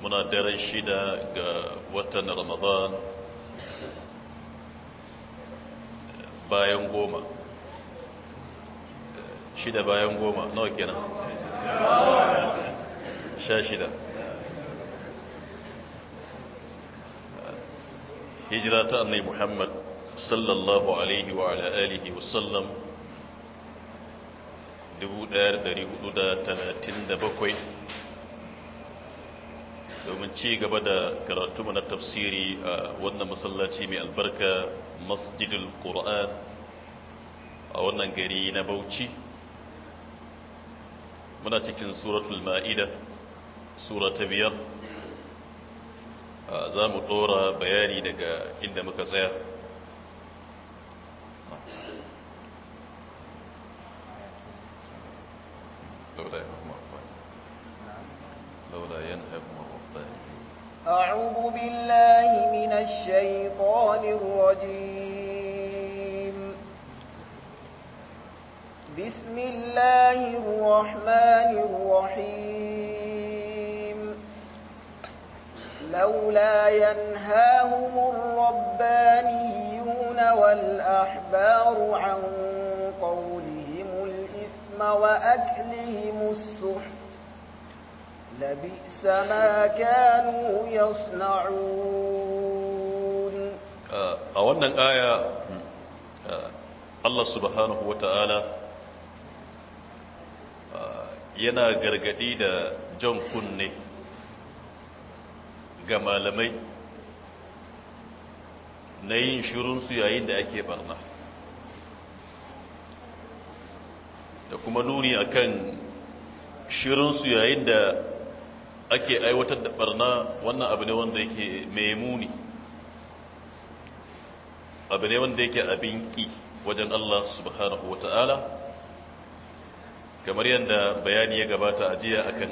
muna daren shida ga watan ramadan bayan goma shida bayan goma nawa kenan sha shida hijira ta annai muhammad sallallahu alaihi wa ala alihi wasallam 1437 domin ci gaba da karatu na tafsiri a wannan masallaci mai albarka masjidul qur'an a wannan gari na bauchi muna cikin suratul ma'ida sura ta biyar za mu ɗora bayani daga inda muka tsaya الشيطان الرجيم بسم الله الرحمن الرحيم لولا ينهاهم الربانيون والأحبار عن قولهم الإثم وأكلهم السحت لبئس ما كانوا يصنعون Eh, a wannan aya eh, Allah subhanahu wata'ala eh, yana gargadi da jan kunne ga malamai na yin shirinsu yayin da ake barna da kuma nuni akan shirinsu yayin da ake aiwatar da barna wannan abu ne wanda yake mai muni abu ne wanda yake abin ƙi wajen Allah subhanahu wa ta'ala kamar yadda bayani ya gabata a jiya a kan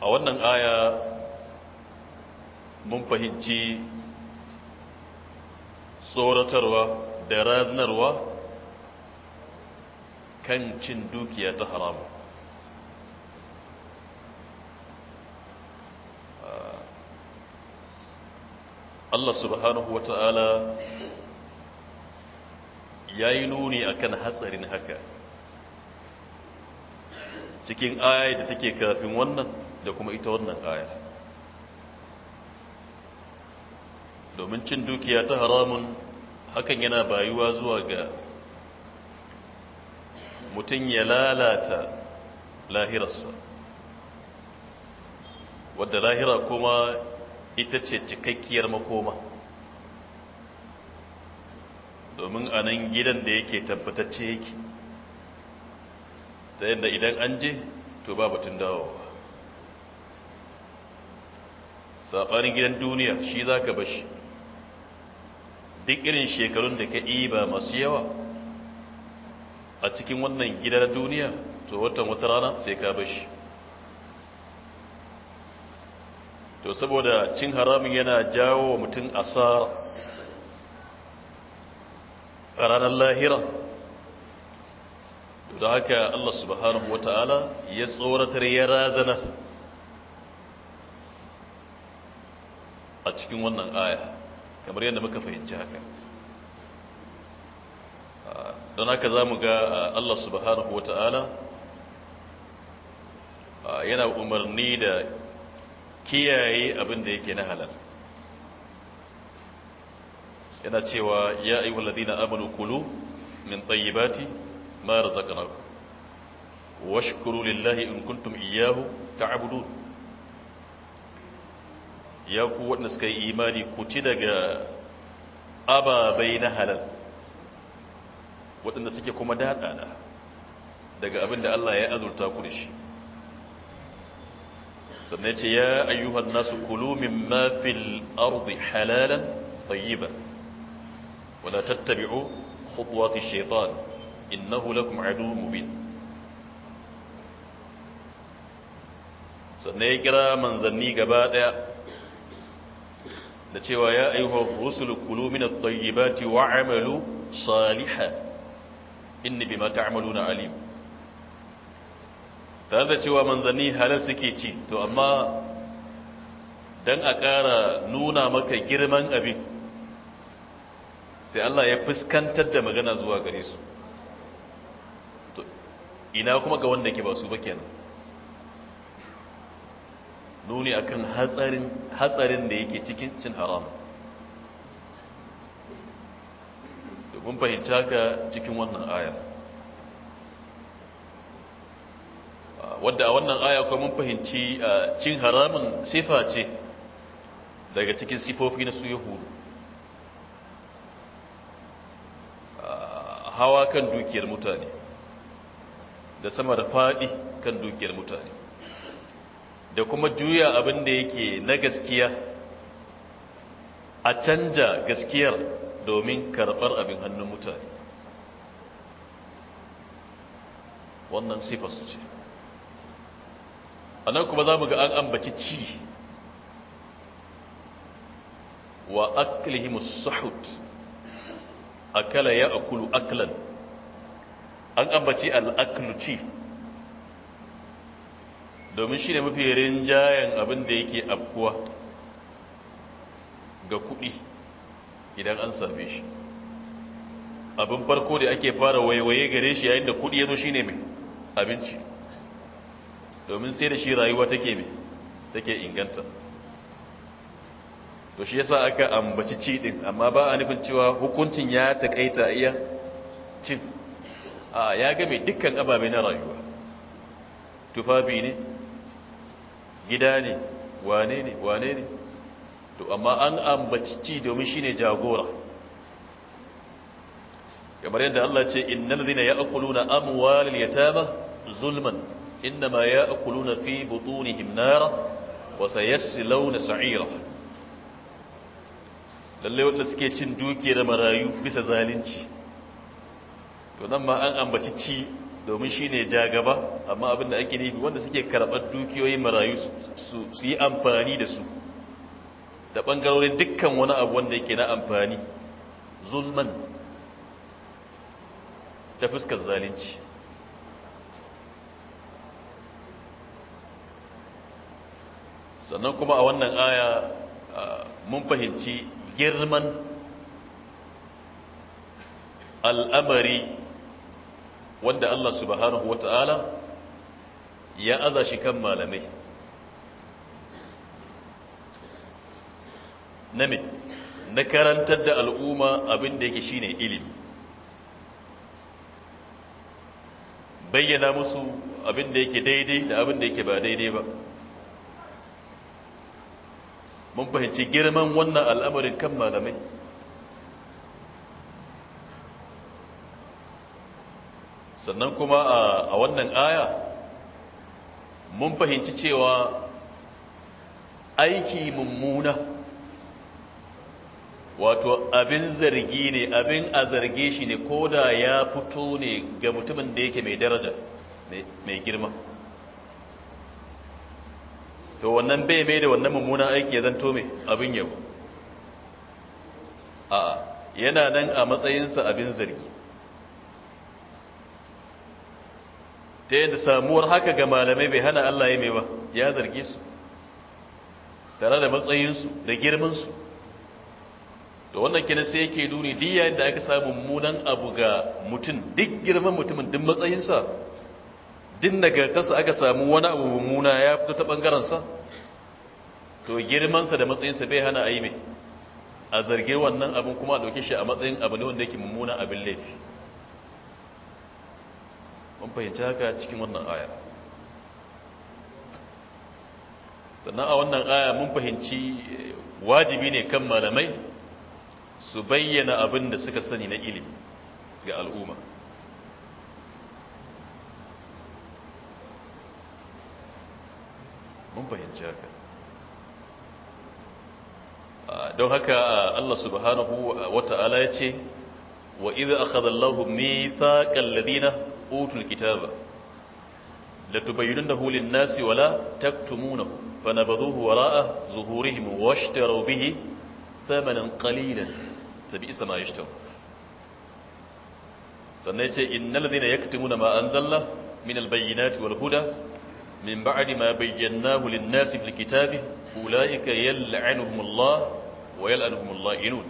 a wannan aya mun fahimci tsoratarwa da raznarwa kan cin dukiya ta haramu Allah subhanahu wa ta'ala ya yi nuni a kan hatsarin haka cikin aya da take kafin wannan da kuma ita wannan aya domin cin dukiya ta haramun hakan yana bayuwa zuwa ga mutum ya lalata lahirarsa wadda lahira kuma ita ce cikakkiyar makoma domin a nan gidan da yake tabbatacce yake ta yadda idan an je to ba batun dawowa saɓanin gidan duniya shi za ka bashi duk irin shekarun da ka ba masu yawa a cikin wannan gidan duniya to watan wata rana sai ka bashi to saboda cin haramun yana jawo wa mutum asara a ranar lahira da haka Allah subhanahu wata'ala ya tsoratar ya razana a cikin wannan aya kamar yadda muka fahimci haka don haka za mu ga Allah subhanahu wata'ala yana umarni da kiyaye abin da yake na halal yana cewa ya ayyuhal ladina amanu kulu min tayyibati ma razaqnakum washkuru lillahi in kuntum iyyahu ta'budun ya ku wanda suka yi imani ku ci daga ababai na halal waɗanda suke kuma daɗaɗa daga abin da Allah ya azurta ku da shi سنت يا أيها الناس كلوا مما في الأرض حلالا طيبا ولا تتبعوا خطوات الشيطان إنه لكم عدو مبين سنة يقرا من ظني قبادة نتوى يا أيها الرسل كلوا من الطيبات وعملوا صالحا إني بما تعملون عليم tare da cewa manzanni halal suke ci to amma don a ƙara nuna maka girman abin sai Allah ya fuskantar da magana zuwa gare su to ina kuma ga wanda ke ba su ba kenan nuni akan hatsarin hatsarin da yake cikin cin haram domin fahimta ka cikin wannan aya wadda a wannan aya kuma mun fahimci cin haramun sifa ce daga cikin sifofi na su yahudu hawa kan dukiyar mutane da sama da faɗi kan dukiyar mutane da kuma juya abin da yake na gaskiya a canja gaskiyar domin karɓar abin hannun mutane wannan sifa su ce a nan kuma za mu ga an ambaci ci wa aklihimus sahut akala ya akulu aklan an ambaci al'aklu ci domin shi ne mafi rinjayen abin da yake afkuwa ga kuɗi idan an same shi abin farko da ake fara waiwaye gare shi yayin da kuɗi ya zo shi ne mai abinci domin sai da shi rayuwa take mai take inganta to shi yasa aka ambaci ci din amma ba a nufin cewa hukuncin ya takaita iya cin a ya game dukkan ababe na rayuwa tufafi ne gida ne wane ne wane ne to amma an ambaci ci domin shi ne jagora kamar yadda Allah ce innal ladina ya'kuluna amwalal yatama zulman innama ya'kuluna fi butunihim nara wa sayaslawna sa'ira lalle wanda suke cin da marayu bisa zalunci to nan ma an ambaci ci domin shine ja gaba amma abinda ake nufi wanda suke karɓar dukiyoyin marayu su yi amfani da su da bangarorin dukkan wani abu wanda yake na amfani zulman ta fuskar zalunci sannan kuma a wannan aya mun fahimci girman al'amari wanda Allah subhanahu wa ta'ala ya aza shi kan malamai na me na karantar da al'umma abin da yake shine ilimi bayyana musu abin yake daidai da abinda yake ba daidai ba mun fahimci girman wannan al'amarin kan malamai sannan kuma a wannan aya mun fahimci cewa aiki mummuna wato abin zargi ne abin a zarge shi ne ko da ya fito ne ga mutumin da yake mai daraja mai girma to wannan bai mai da wannan mummunan aiki ya zanto mai abin yabo a yana nan a matsayinsa abin zargi ta yadda samuwar haka ga malamai bai hana Allah ya mai ba ya zarge su tare da matsayinsu da girminsu da wannan kina sai yake duni diya da aka samu mummunan abu ga mutum duk girman mutumin duk matsayinsa din nagartarsa aka samu wani abu mummuna ya fito ta ɓangarensa to girmansa da matsayinsa bai hana a yi mai a zarge wannan abin kuma a ɗauke shi a matsayin abu ne wanda yake mummuna abin laifi mun fahimci haka cikin wannan aya sannan a wannan aya mun fahimci eh, wajibi ne kan malamai su bayyana abin da suka sani na ilimi ga al'umma mun fahimci haka don haka Allah subhanahu wa ta'ala ya ce wa idha akhadha Allahu mithaqal ladina utul kitaba latubayyinannahu lin-nasi wa taktumunahu fanabadhuhu wara'a zuhurihim washtaraw bihi thamanan qalilan fabi'sa ma yashtaru sannan ya ce innal ladina yaktumuna ma anzalna min al-bayyinati wal huda من بعد ما بيناه للناس في الكتاب أولئك يلعنهم الله ويلعنهم اللائنون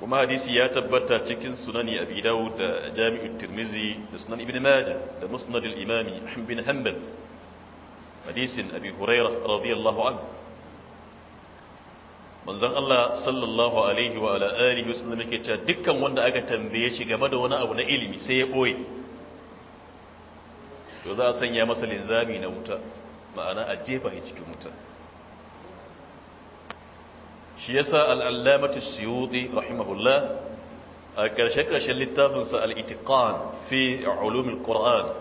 kuma hadisi ya tabbata cikin sunani abi dawud da jami'u tirmizi da sunan ibn majah da musnad al-imam ahmad bin hanbal hadisin abi hurairah radiyallahu anhu manzon Allah sallallahu alaihi wa ala alihi wasallam yake cewa dukkan wanda aka tambaye shi game da wani abu na ilimi sai ya boye to za a sanya masa linzami na wuta ma'ana a jefa shi cikin wuta shi yasa al'allamatu suyudi rahimahullah a ƙarshe-ƙarshen littafinsa al'itiƙan fi ulumin ƙura'an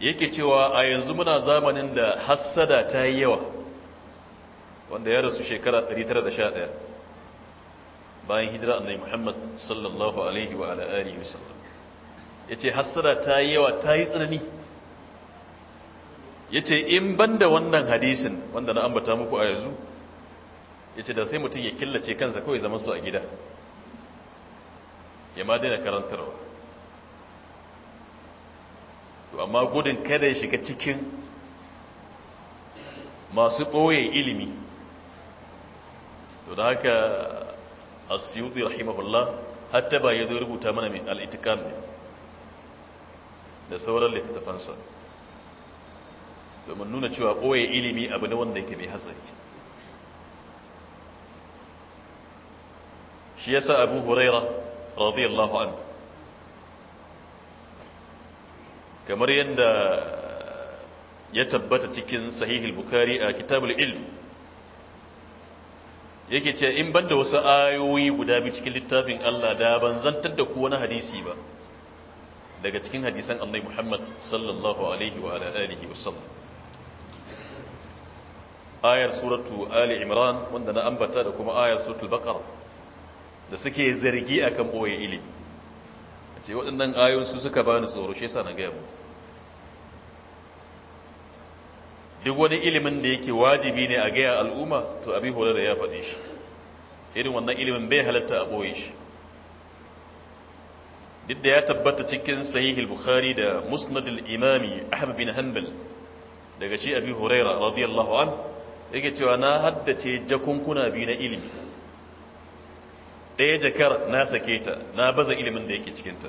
yake cewa a yanzu muna zamanin da hassada ta yi yawa wanda ya rasu shekara 911 bayan hijira annabi muhammad sallallahu alaihi wa ala'ari wasallam ya ce hasara ta yi yawa ta yi tsanani ya ce in ban da wannan hadisin wanda na ambata muku a yanzu ya ce da sai mutum ya killace kansa kawai zama su a gida ya ma daina karantarwa to amma gudun kada ya shiga cikin masu ɓoye ilimi to da haka asiyudu rahimahullah hatta ba ya zo rubuta mana mai al'itikam ne da sauran littattafansa domin nuna cewa ɓoye ilimi abu ne wanda yake mai hatsari shi yasa abu huraira radiyallahu anhu kamar yadda ya tabbata cikin sahihul bukari a kitabul ilm yake ce in banda wasu ayoyi guda biyu cikin littafin Allah da ban zantar da ku wani hadisi ba daga cikin hadisan annai muhammad sallallahu alaihi wa alihi sallam ayar suratu ali imran wanda na ambata da kuma ayar suratul baqara da suke zargi akan boye ili a ce waɗannan ayoyin su suka bani tsoro shi yasa na ga duk wani ilimin da yake wajibi ne a gaya al'umma to abi horar ya faɗi shi irin wannan ilimin bai halatta a boye shi duk da ya tabbata cikin sahihul bukhari da musnadul imami ahmad bin hanbal daga shi abi huraira radiyallahu an yake cewa na haddace jakunkuna biyu na ilimi ɗaya jakar na sake ta na baza ilimin da yake cikinta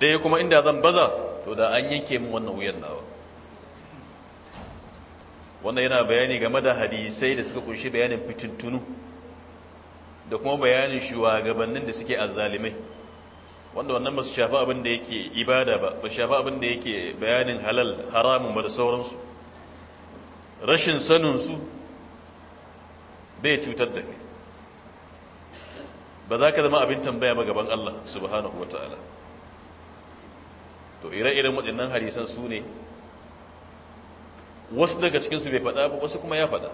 ɗaya kuma inda zan baza to da an yanke min wannan wuyan nawa wannan yana bayani game da hadisai da suka kunshi bayanin fitintunu da kuma bayanin shugabannin da suke azzalimai wanda wannan ba su shafi abin da yake ibada ba ba shafi abin da yake bayanin halal haramun ba da sauransu rashin saninsu bai cutar da kai ba za ka zama abin tambaya ba gaban Allah subhanahu wa ta'ala to ire-iren waɗannan harisan su ne wasu daga cikinsu bai faɗa ba wasu kuma ya faɗa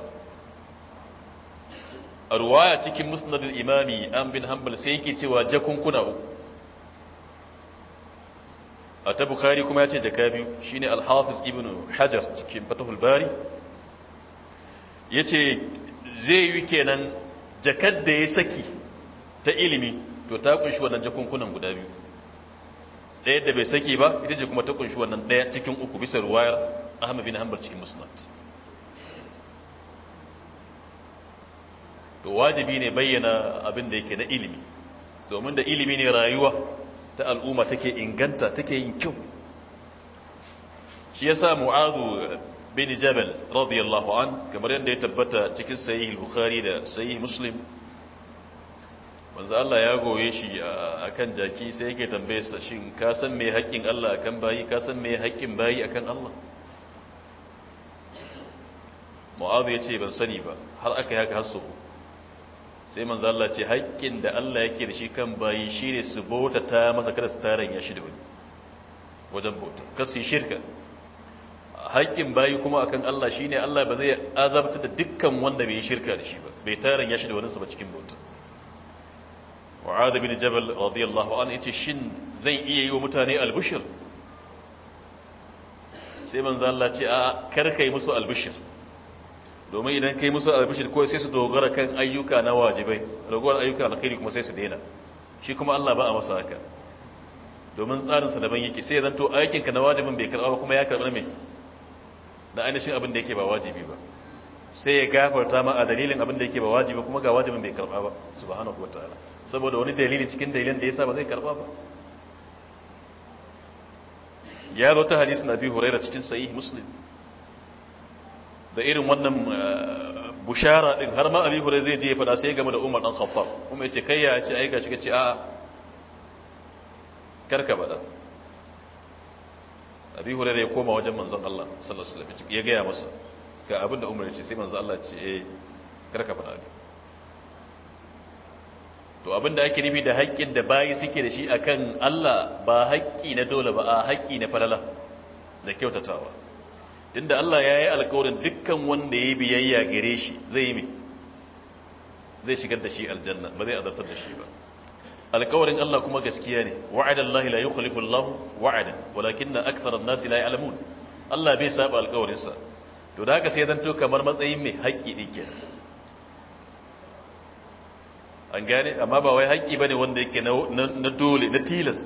a ruwaya cikin musnadin imami an bin hanbal sai yake cewa jakunkuna uku a ta bukari kuma ya ce jaka biyu shi ne alhafiz ibn hajar cikin fatahul bari ya ce zai yi kenan jakar da ya saki ta ilimi to ta kunshi wannan jakunkunan guda biyu ɗaya da bai saki ba ita ce kuma ta kunshi wannan ɗaya cikin uku bisa ruwayar ahmad bin hanbal cikin musnad to wajibi ne bayyana abin da yake na ilimi domin da ilimi ne rayuwa ta al'umma take inganta take yin kyau shi yasa mu'adhu bin jabal radiyallahu an kamar yadda ya tabbata cikin sahih bukhari da sahih muslim manzo Allah ya goye shi akan jaki sai yake tambaye sa shin ka san me haƙƙin Allah akan bayi ka san me haƙƙin bayi akan Allah mu'adhu yace ban sani ba har aka yi haka har su sai manzo Allah ce haƙƙin da Allah yake da shi kan bayi shine su bota ta masa kada su taran ya shi da wani wajen bota bauta kasu shirka haƙƙin bayi kuma akan Allah shine Allah ba zai azabta da dukkan wanda bai shirka da shi ba bai taran ya shi da wani ba cikin bota wa'ad bin jabal radiyallahu an yace shin zai iya yi wa mutane albushir sai manzo Allah ce a karkai musu albushir domin idan kai musu albishir ko sai su dogara kan ayyuka na wajibai ragowar ayyuka alkhairi kuma sai su daina shi kuma Allah ba a masa haka domin tsarin sa daban yake sai zanto aikinka na wajibin bai karɓa ba kuma ya karba ne da ainihin abin da yake ba wajibi ba sai ya gafarta ma a dalilin abin da yake ba wajibi kuma ga wajibin bai karɓa ba subhanahu wataala saboda wani dalili cikin dalilin da yasa ba zai karɓa ba ya zo hadisi na bi hurairah cikin sahih muslim da irin wannan eh, bushara din har ma abi hurairah zai je fada sai game da Umar dan Khattab kuma yace kai ya ce ai gashi kace a karka bada abi hurairah ya koma wajen manzon Allah sallallahu alaihi wasallam ya gaya masa ga abin da Umar ya ce sai manzon Allah ce eh karka bada to abin da ake nufi da haƙƙin da bayi suke da shi akan Allah ba haƙƙi na dole ba a haƙƙi na falala da kyautatawa tunda Allah ya yi alkawarin dukkan wanda ya biyayya gare shi zai yi zai shigar da shi aljanna ba zai azabtar da shi ba alkawarin Allah kuma gaskiya ne wa'ada Allah la yukhlifu Allah wa'ada walakin akthar an-nas la ya'lamun Allah bai saba alkawarin sa to da haka sai dan to kamar matsayin mai haƙƙi dike an gane amma ba wai haƙƙi bane wanda yake na dole na tilas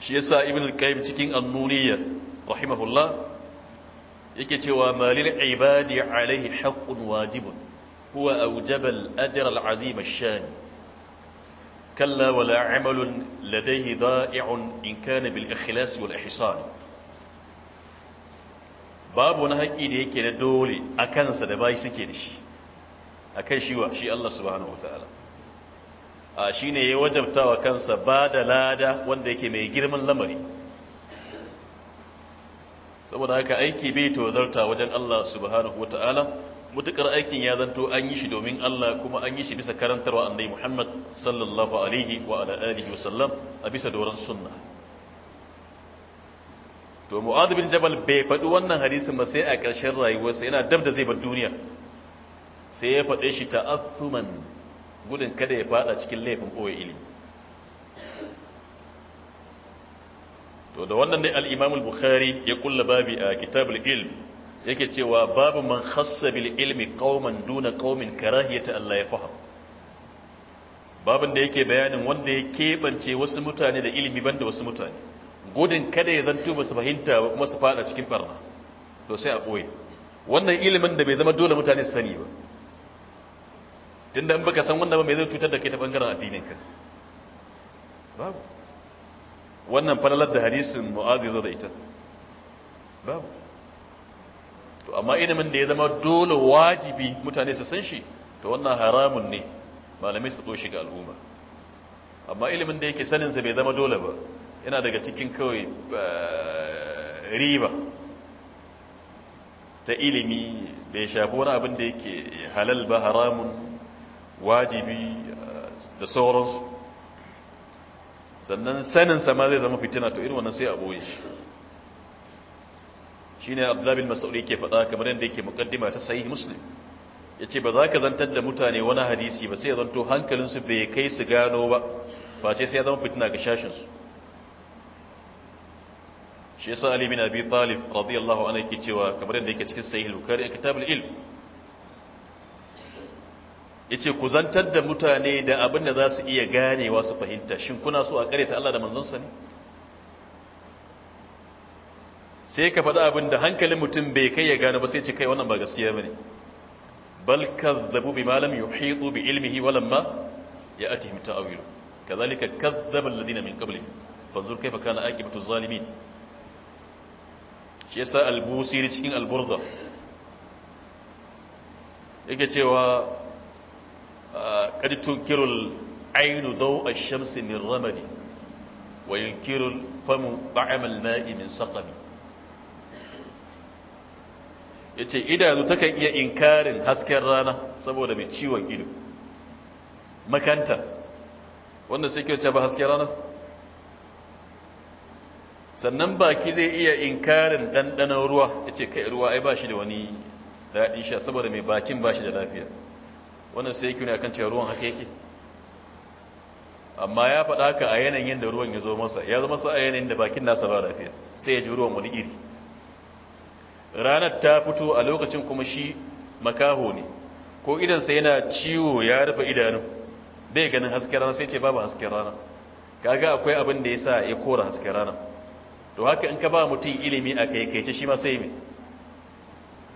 shi yasa ibn al-qayyim cikin annuniyya rahimahullah yake cewa malil ibadi alaihi haqqun wajibun huwa awjaba al-ajr al shani. ash-shan kalla wala amalun ladayhi da'i'un in kana bil ikhlas wal ihsan babu wani haƙƙi da yake da dole a kansa da bai suke da shi akan shiwa shi Allah subhanahu wataala a shine ya wajabta wa kansa ba da lada wanda yake mai girman lamari saboda haka aiki bai tozarta wajen Allah subhanahu wataala mutukar aikin ya zanto an yi shi domin Allah kuma an yi shi bisa karantarwa annabi Muhammad sallallahu alaihi wa ala alihi wasallam a bisa doron sunna to Mu'adh bin Jabal bai faɗi wannan hadisin ba sai a ƙarshen rayuwarsa yana dab da zai bar duniya sai ya faɗe shi ta'azzuman gudun kada ya faɗa cikin laifin ɓoye ilimi to da wannan dai al-imam al-bukhari ya kulla babi a kitab al-ilm yake cewa babu man khassa bil ilmi qauman duna qaumin karahiyata Allah ya faham babin da yake bayanin wanda ya kebance wasu mutane da ilimi banda wasu mutane gudun kada ya zanto ba su fahimta ba kuma su fada cikin barna to sai a boye wannan ilimin da bai zama dole mutane su sani ba tunda in baka san wannan ba me zai cutar da kai ta bangaren addinin ka babu wannan falalar da hadisin mu'az ya zo da ita babu to amma ilimin da ya zama dole wajibi mutane su san shi to wannan haramun ne malamai su shi ga al'umma amma ilimin da yake saninsa bai zama dole ba yana daga cikin kawai eh, riba ta ilimi bai shafi wani abin da yake halal ba haramun wajibi eh, da sauransu sannan sanin sama zai zama fitina to irin wannan sai a boye shi shine Abdullah bin Mas'ud yake faɗa kamar yadda yake muqaddima ta sahih Muslim yace ba za ka zantar da mutane wani hadisi ba sai zanto hankalinsu bai kai su gano ba face sai ya zama fitina ga shashin su shi yasa Ali bin Abi Talib radiyallahu anhu yake cewa kamar yadda yake cikin sahih Bukhari a kitabul ilm yace ku zantar da mutane da abin da za su iya ganewa su fahimta shin kuna so a ta Allah da manzonsa ne sai ka faɗi abin da hankalin mutum bai kai ya gane ba sai ce kai wannan ba gaskiya bane bal kadzabu bima lam yuhitu bi ilmihi wa lamma ya'tihim ta'wil kadhalika kadzaba alladhina min qablihim fanzur kayfa kana aqibatu zalimin shi yasa al-busiri cikin al-burda yake cewa qad tunkirul aynu daw ash-shamsi min ramadi wa yunkirul famu ta'am al-ma'i min saqami yace idanu takan iya inkarin hasken rana saboda mai ciwon ido makanta wanda sai kyauce ba hasken rana sannan baki zai iya inkarin ɗanɗanon ruwa yace ce kai ruwa ai ba shi da wani daɗin sha saboda mai bakin ba shi da lafiya wannan sai yake ne akan cewa ruwan haka yake amma ya faɗa haka a yanayin da ruwan ya zo masa ya zama sa a yanayin da bakin nasa ba lafiya sai ya ji ruwan wani iri ranar ta fito a lokacin kuma shi makaho ne ko idansa yana ciwo ya rufe idanu bai ganin hasken rana sai ce babu hasken rana kaga akwai abin da ya sa ya kora hasken rana to haka in ka ba mutum ilimi a kaikaice shi ma sai mai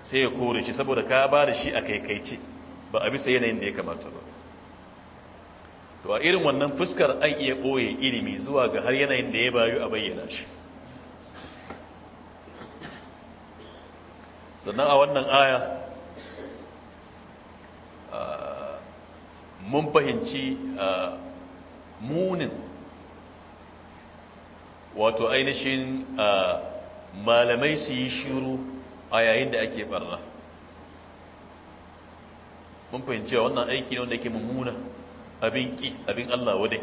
sai ya kore shi saboda ka ba da shi a kaikaice ba a bisa yanayin da ya kamata ba to a irin wannan fuskar an iya ɓoye ilimi zuwa ga har yanayin da ya bayu a bayyana shi sannan a wannan aya mun fahimci munin wato ainihin malamai su yi shiru a yayin da ake barna mun fahimci wannan aiki ne wanda yake mummuna abin ki abin Allah wadai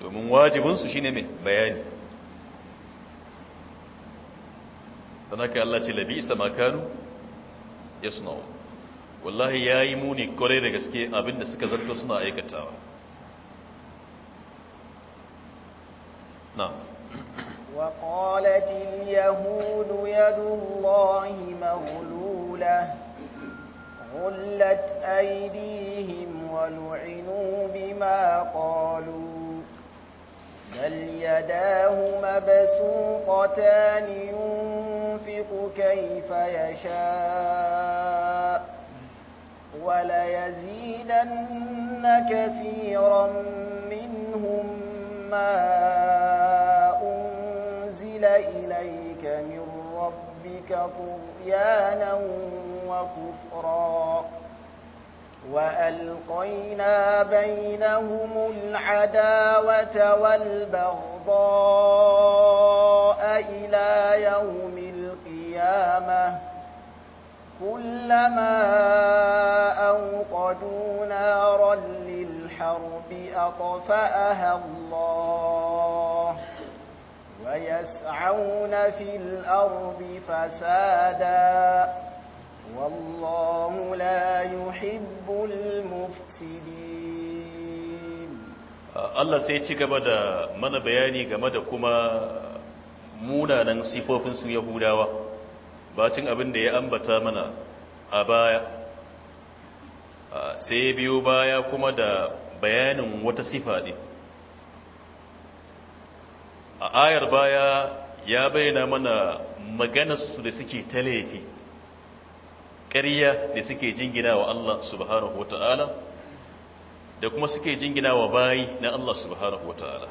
domin wajibinsu shine mai bayani don haka Allah ce labi sama Kanu, ya wallahi ya yi muni kwarai da gaske abinda suka zarto suna aikatawa na وقالت اليهود يد الله مغلوله غلت أيديهم ولعنوا بما قالوا بل يداه مبسوطتان ينفق كيف يشاء وليزيدن كثيرا منهم ما أنزل إليك من ربك طغيانا وكفرا وألقينا بينهم العداوة والبغضاء إلى يوم القيامة كلما أوقدوا نارا للحرب أطفأها الله ويسعون في الأرض فسادا والله لا يحب المفسدين Allah sai ci gaba da mana bayani game da kuma munanan sifofin su Yahudawa bacin abin da ya ambata mana a baya sai biyo baya kuma da bayanin wata sifa din a ayar baya ya bayyana mana maganarsu da suke ta ƙariya da suke jingina wa Allah subhanahu wa ta'ala da kuma suke jingina wa bayi na Allah subhanahu wa ta'ala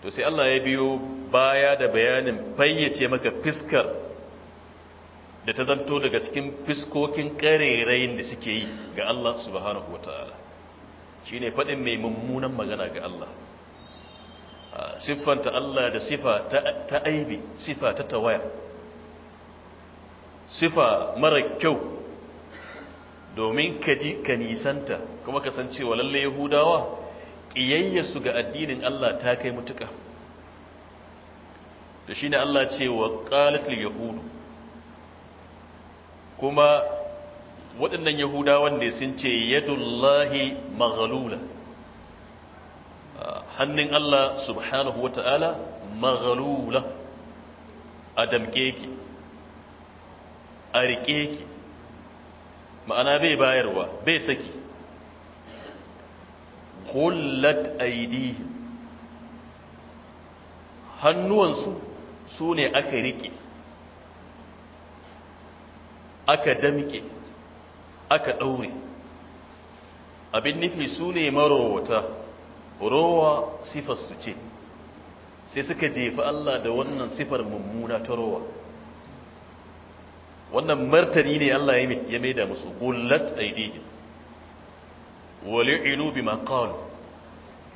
to sai Allah ya biyo baya da bayanin fayyace maka fiskar da ta zanto daga cikin fiskokin ƙarerayin da suke yi ga Allah subhanahu wa ta'ala shi ne faɗin mai mummunan magana ga Allah siffanta Allah da sifa ta aibi sifa ta tawaya sifa mara kyau domin ka ji ka nisanta kuma ka san cewa lalle yahudawa ƙiyayyasu ga addinin Allah ta kai mutuka da shine ne Allah ce wa ƙalatul yahudu kuma waɗannan yahudawan ne sun ce yadullahi maghlula hannun Allah subhanahu wa ta'ala maghalula a ki a riƙe ki, ma'ana bai bayarwa bai saki hullat aidi hannuwansu su ne aka riƙe aka damƙe aka ɗaure abin nufi su ne marowata rowa sifar su ce sai suka jefi Allah da wannan sifar mummuna ta rowa wannan martani ne Allah ya ya maida musu gullat aidihim wal'inu bima qalu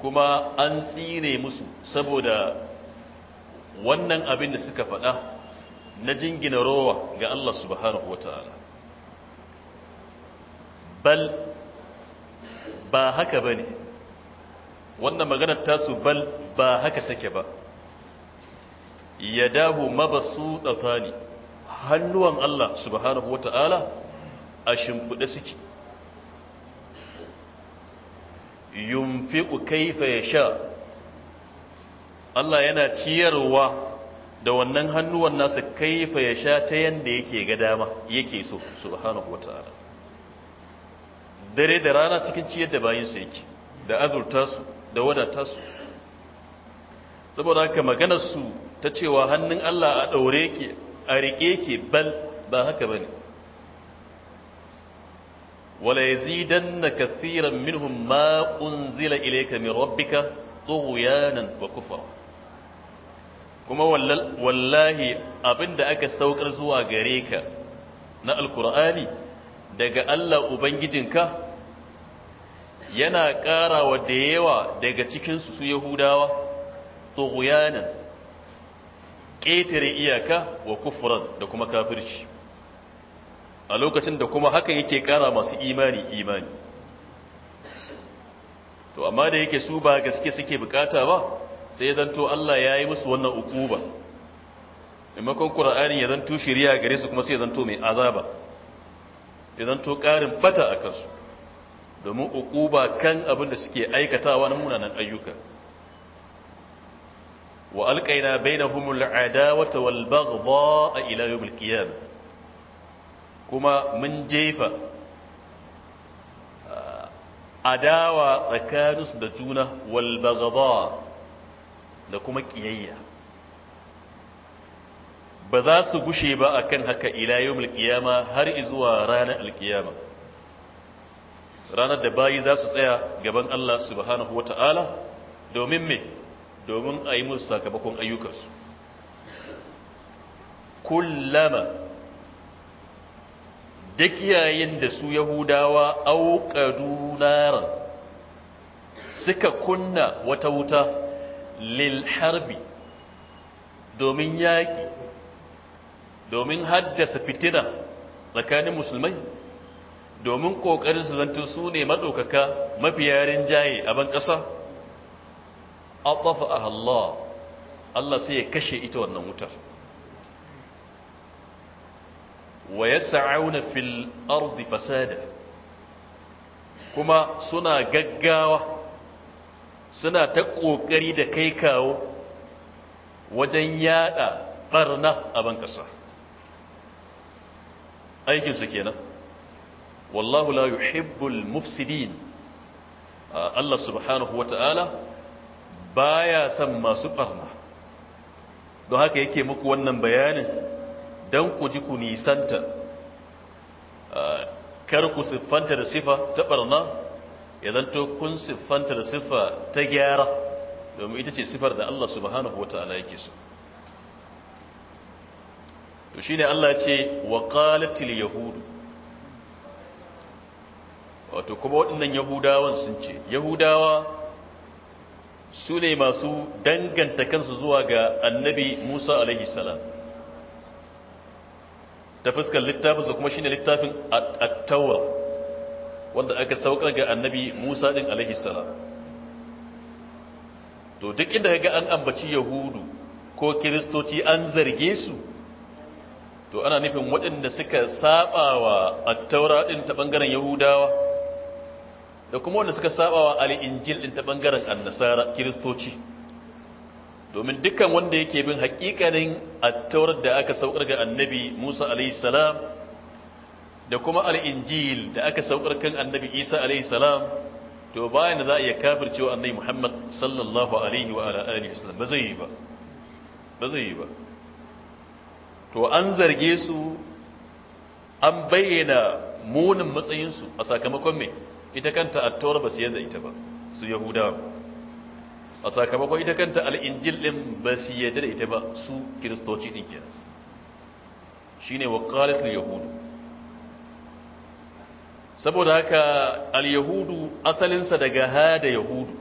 kuma an tsine musu saboda wannan abin da suka faɗa na jingina rowa ga Allah subhanahu wataala bal ba haka bane wannan maganar tasu bal ba haka take ba yadahu mabsutatani hannuwan Allah subhanahu ta’ala a shimfiɗe suke yunfiqu kaifa sha Allah yana ciyarwa da wannan hannuwan nasa kaifa sha ta yadda yake ga dama yake so subhanahu ta’ala dare da rana cikin ciyar da bayinsa yake da azurta su da wadata su saboda haka maganar su ta cewa hannun Allah a ɗaure ke. a rike ke bal ba haka ba ne wala ya zidan na kasiran minhum ma unzila ilaika min rabbika tsohuyanan wa kufa. kuma wallahi abinda aka saukar zuwa gare ka na alkur'ani daga Allah Ubangijinka yana ƙara wa da yawa daga cikinsu su Yahudawa tsohuyanan ƙetare iyaka wa kufuran da kuma kafirci a lokacin da kuma haka yake ƙara masu imani imani to amma da yake su ba gaske suke bukata ba sai zanto Allah ya yi musu wannan ukuba maimakon ƙura'ani ya zanto shirya gare su kuma sai zanto mai azaba ya zanto ƙarin bata a kansu domin ukuba kan abin da suke aikatawa na munanan ayyuka wa alƙaina bainahumul adawata wal baghdha ila yawmil qiyamah kuma mun jefa ah, adawa tsakaninsu da juna wal baghdha da kuma ƙiyayya ba za su gushe ba akan haka ilayen mulkiyama har izuwa rana alkiyama ranar da bayi za su tsaya gaban Allah subhanahu wa ta'ala domin me domin a yi musu sakamakon ayyukansu kullama duk yayin da su yahudawa auƙadu naran suka kunna wata wuta lil harbi domin yaƙi domin haddasa fitina tsakanin musulmai domin ƙoƙarin su zantin su ne maɗaukaka mafiya jaye a ban ƙasa abafa Allah Allah sai ya kashe ita wannan wutar wa yas'auna fil ardi fasada kuma suna gaggawa suna ta kokari da kai kawo wajen yada barna a ban kasa aikin su kenan wallahu la yuhibbul mufsidin Allah subhanahu ta'ala. baya son masu barna don haka yake muku wannan bayanin don ku ji ku nisanta kar ku siffanta da sifa ta barna ya zanto kun siffanta da siffa ta gyara domin ita ce siffar da Allah subhanahu wata'ala yake so to shine Allah ce wa qalatil yahudu wato kuma waɗannan yahudawan sun ce yahudawa su ne masu danganta kansu zuwa ga annabi musa alaihi salam ta fuskar su kuma shine littafin attawa wanda aka saukar ga annabi musa din alaihi salam to duk inda ga an ambaci yahudu ko kiristoci an zarge su to ana nufin waɗanda suka saba wa attaura ɗin ta ɓangaren yahudawa da kuma wanda suka saba wa al'injil din ta bangaren annasara kiristoci domin dukkan wanda yake bin hakikanin attaurar da aka saukar ga annabi Musa alayhi salam da kuma al'injil da aka saukar kan annabi Isa alayhi salam to bayan da za a iya wa annabi Muhammad sallallahu alaihi wa ala alihi wasallam ba zai yi ba ba zai yi ba to an zarge su an bayyana munin matsayinsu a sakamakon mai ita kanta attaura ba su yadda ita ba su yahuda a sakamakon ita kanta al'injil ɗin ba su yadda da ita ba su kiristoci ɗin kenan shi ne wa ƙalatul yahudu saboda haka al-yahudu asalinsa daga ha da yahudu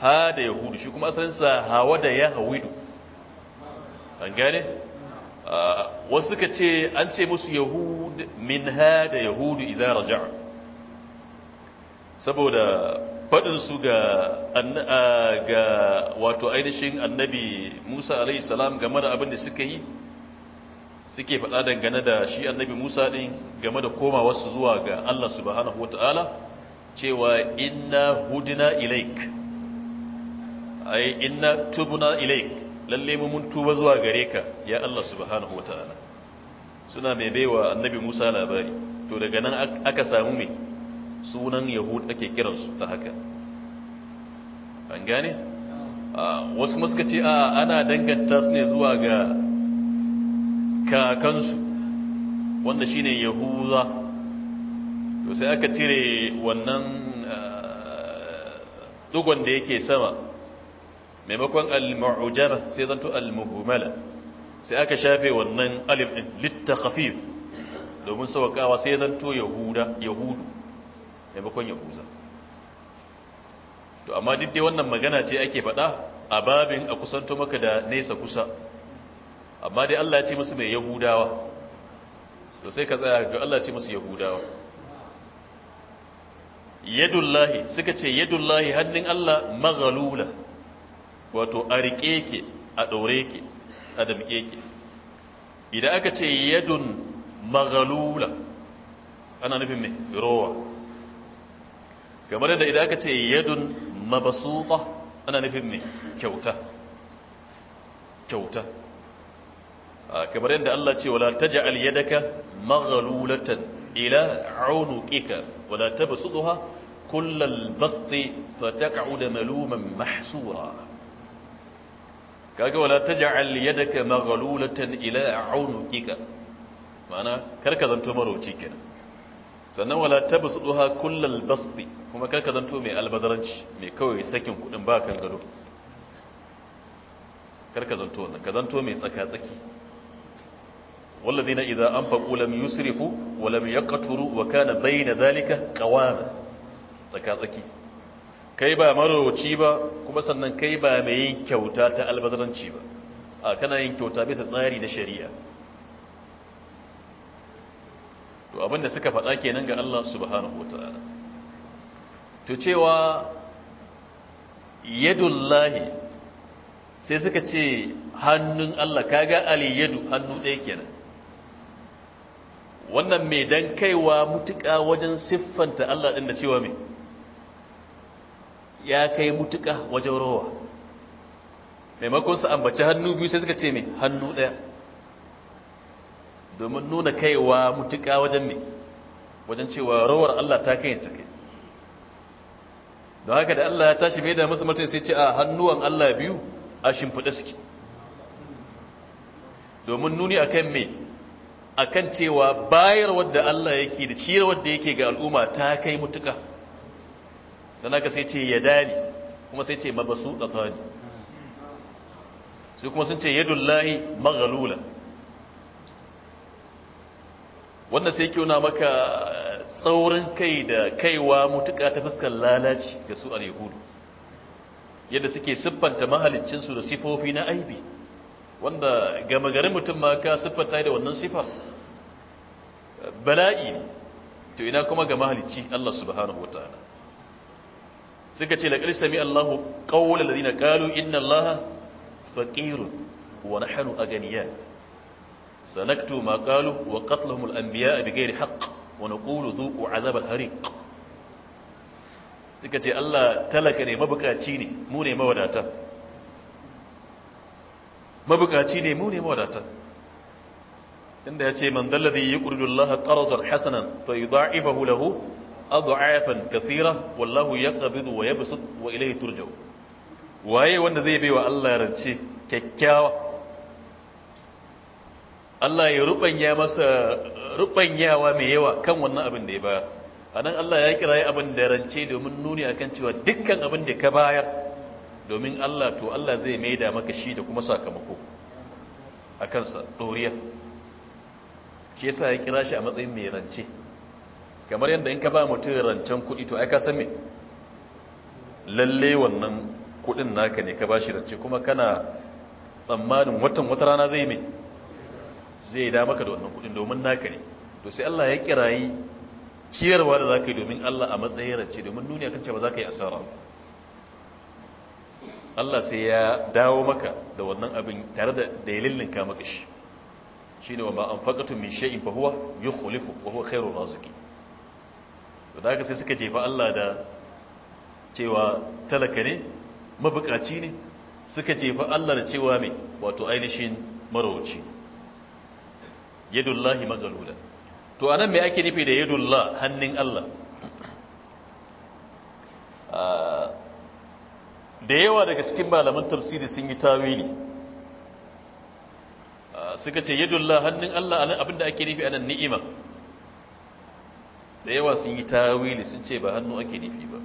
ha da yahudu shi kuma asalinsa hawa da ya hawidu an gane? Ah, wasu suka ce an ce musu yahud min ha da yahudu izara raja'a saboda faɗinsu ga wato ainihin annabi musa alaihissalam game da abin da suka yi suke faɗa dangane da shi annabi musa ɗin game da komawarsu zuwa ga allah subhanahu wa ta'ala cewa inna hudina ilaik ai inna tubuna ilaik lalle mun tuba zuwa gare ka ya allah subhanahu wa ta'ala suna mai baiwa annabi musa labari to daga nan aka samu mai sunan yahud ake kiransu da haka an gane ah, wasu muska ce a ah, ana danganta su ne zuwa ga kakansu wanda shine yahuza to sai aka cire wannan ah, dugon da yake sama maimakon al-mu'jama sai zanto al-muhmala sai aka shafe wannan alif din khafif domin sauƙawa sai zanto yahuda yahudu maimakon ya buza to amma duk wannan magana ce ake faɗa a babin a kusanto maka da nesa kusa amma dai Allah ya ce musu mai yahudawa to sai ka tsaya ga Allah ya ce musu yahudawa yadullahi suka ce yadullahi hannun Allah mazalula wato a riƙe ke a ɗaure ke a damƙe ke idan aka ce yadun mazalula ana nufin mai rowa kamar yadda idan aka ce yadun mabasuta ana nufin ne kyauta kyauta kamar yadda Allah ce wala taj'al yadaka maghlulatan ila unuqika wala tabsutha kullal basti fataq'ud maluman mahsura kaga wala taj'al yadaka maghlulatan ila unuqika ma'ana karka zanto maroci kenan sannan wala tabsuha kullal basti kuma kar ka zanto mai albazaranci mai kawai sakin kudin ba kan gado kar ka zanto wannan ka zanto mai tsaka tsaki wallazina idza anfaqu lam yusrifu wa lam yaqturu wa kana bayna dhalika qawama tsaka tsaki kai ba marowaci ba kuma sannan kai ba mai kyauta ta albazaranci ba a kana yin kyauta bisa tsari na shari'a to abinda suka faɗa kenan ga Allah subhanahu wata'ala to cewa yadullahi sai suka ce hannun Allah kaga aliyadu hannu ɗaya kenan wannan mai dan kaiwa mutuƙa wajen siffanta Allah ɗin da cewa mai ya kai mutuƙa wajen rowa maimakon su ambaci hannu biyu sai suka ce mai hannu ɗaya domin nuna kaiwa mutuka wajen ne wajen cewa rawar Allah ta kai ta kai don haka da Allah ya tashi mai da masu mutum sai ce a hannuwan Allah biyu a shimfiɗa suke domin nuni akan me akan cewa bayar wadda Allah yake da ciyar wadda yake ga al'umma ta kai mutuka don haka sai ce ya dani kuma sai ce mabasu da tsari sai kuma sun ce yadullahi maghalula wanda sai kyona maka tsaurin kai da kaiwa mutuka ta fuskar lalaci ga su al-yahudu yadda suke siffanta mahaliccinsu da sifofi na aibi wanda gama garin mutum ma ka siffanta da wannan sifar bala'i to ina kuma ga mahalicci Allah subhanahu wataala suka ce laqad sami Allahu da alladhina qalu inna Allaha faqirun wa a aganiya سنكتب ما قالوا وقتلهم الأنبياء بغير حق ونقول ذوقوا عذاب الحريق suka ce Allah talaka ne mabukaci ne mu ne mawadata mabukaci ne mu ne mawadata tunda ya ce man dalladhi yuqridu Allah qardan hasanan fa yudha'ifahu lahu ad'afan kathira wallahu yaqbidu wa yabsut wa ilayhi turja'u waye wanda zai baiwa Allah rance kyakkyawa Allah ya rubanya masa rubanyawa mai yawa kan wannan abin da ya bayar anan Allah ya kira ya abin da rance domin nuni akan cewa dukkan abin da ka bayar domin Allah to Allah zai maida maka shi da kuma sakamako a kansa doriya shi yasa ya kira shi a matsayin mai rance kamar yadda in ka ba mutum rancen kuɗi to ai ka san me lalle wannan kuɗin naka ne ka ba shi rance kuma kana tsammanin watan wata rana zai mai zai da maka da wannan kudin domin naka ne to sai Allah ya kirayi ciyarwa da zaka yi domin Allah a matsayin rance domin nuni kan cewa zaka yi asara Allah sai ya dawo maka da wannan abin tare da dalilin ka maka shi shine wa an faqatu min shay'in fa huwa yukhlifu wa huwa khairur raziqi to da haka sai suka jefa Allah da cewa talaka ne mabukaci ne suka jefa Allah da cewa me wato ainihin marauci yadullahi magalula to anan me ake nufi da yadullah hannun Allah ah, da yawa daga cikin malaman tafsiri sun yi tawili ah, suka ce yadullah hannun Allah anan abinda ake nufi anan ni'ima da yawa sun yi tawili sun ce ba hannu ake nufi ba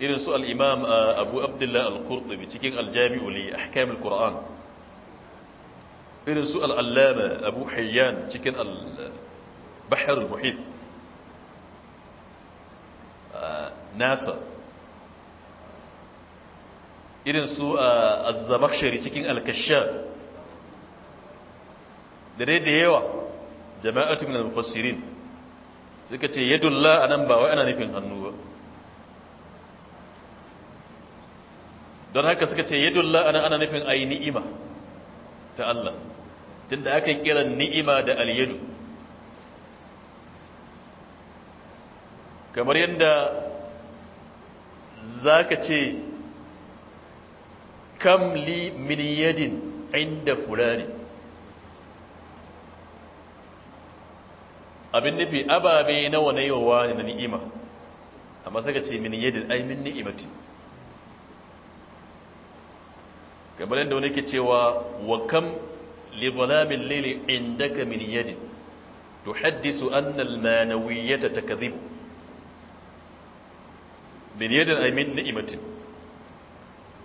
irin su al-imam ah, abu Abdullahi al-qurtubi cikin al-jami'u li ahkam al-qur'an irin su al'allama abu hayyan cikin al-bahar al-muhim ah, nasa irin su ah, azzamakshari cikin al-kashshar da dai da yawa jama'atu min al-mufassirin suka ce a nan ba wai ana nufin hannu ba don haka suka ce a nan ana nufin ayi ni'ima ta Allah tunda aka kira ni'ima da alyadu kamar yadda za ka ce kam li min yadin inda fulani abin nufi ababe nawa na yawa ne na ni'ima amma saka ce min yadin ai min ni'imati kamar yadda wani ke cewa wa kam li gulamin lili indaka min yadin tuhaddisu anna al-manawiyyata takdhib min yadin ay min ni'matin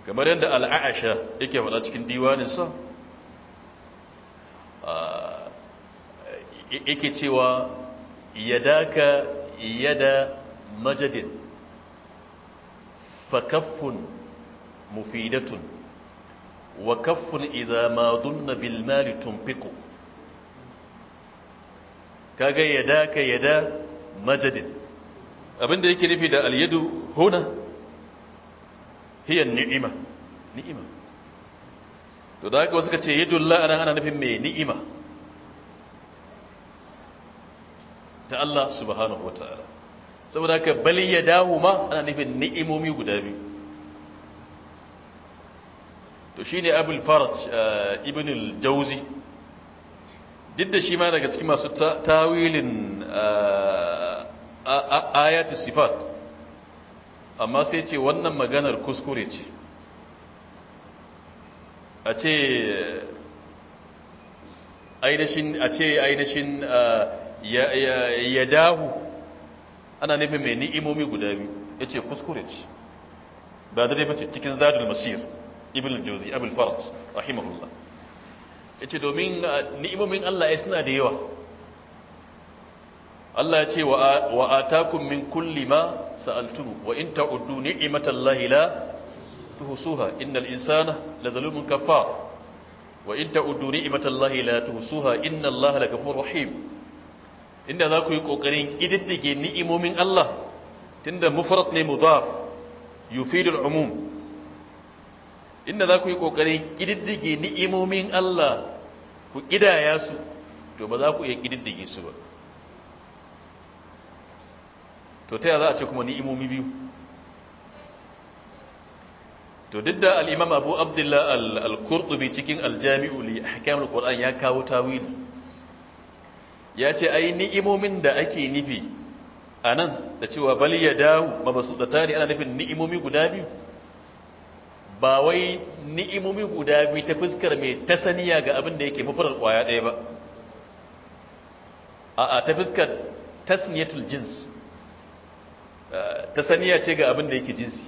kamar yadda al-aisha yake faɗa cikin diwanin sa yake cewa yadaka yada majadin fakaffun mufidatun wa kaffun iza na bilmali bil mali tunfiqu kaga yada ka yada majadin abinda yake nufi da alyadu huna hiyan ni'ima ni'ima to da haka wasu ka ce yadullah anan ana nufin mai ni'ima ta Allah subhanahu wataala saboda haka bal yadahu ma ana nufin ni'imomi guda biyu to shi shine abul faraj eh, ibn al-jawzi duk da shi ma daga cikin masu tawilin eh, ayatu sifat amma sai ce wannan maganar kuskure ce a ce ainihin a eh, ya dahu ana nufin mai ni'imomi guda biyu ya ce kuskure ce ba da dai bace cikin zadul masir ibn jauzi abul farad rahimahullah ya ce domin ah, ni'imomin Allah ya suna da yawa Allah ya ce wa atakum min kulli ma sa'altuhu wa in ta'uddu ni'matallahi la tuhsuha innal insana lazalumun kafar wa in ta'uddu ni'matallahi la tuhsuha innallaha lakafurur rahim inda za ku yi kokarin ididdige ni'imomin Allah tunda mufrad ne mudaf yufidul umum inda za ku yi ƙoƙarin ƙididdige ni'imomin Allah ku ƙidaya su to ba za ku iya ƙididdige su ba to ta za a ce kuma ni'imomi biyu to duk da al'imam abu abdullah al-kurtubi cikin aljami'u li hakamul ƙwar'an ya kawo tawili ya ce ai ni'imomin da ake nufi a nan da cewa bali ya dawo ma da tari ana nufin ni'imomi guda biyu ba wai ni'imomi guda biyu ta fuskar mai tasaniya ga abin da yake mafarar kwaya ɗaya ba a ta fuskar tasniyatul jins eh, tasaniya ce ga abin da yake jinsi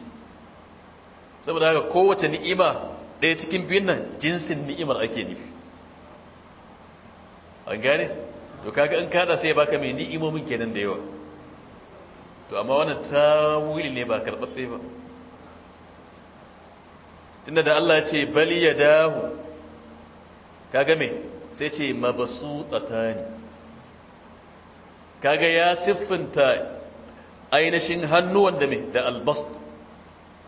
saboda haka kowace ni'ima ɗaya cikin biyun nan jinsin ni'imar ake nufi an gane to kaga in kada sai baka mai ni'imomin kenan da yawa to amma wannan tawili ne ba karɓaɓɓe ba tunda da Allah ce bali ya dahu kaga me sai ce mabasu Ka kaga ya siffinta ainihin hannu wanda me da albast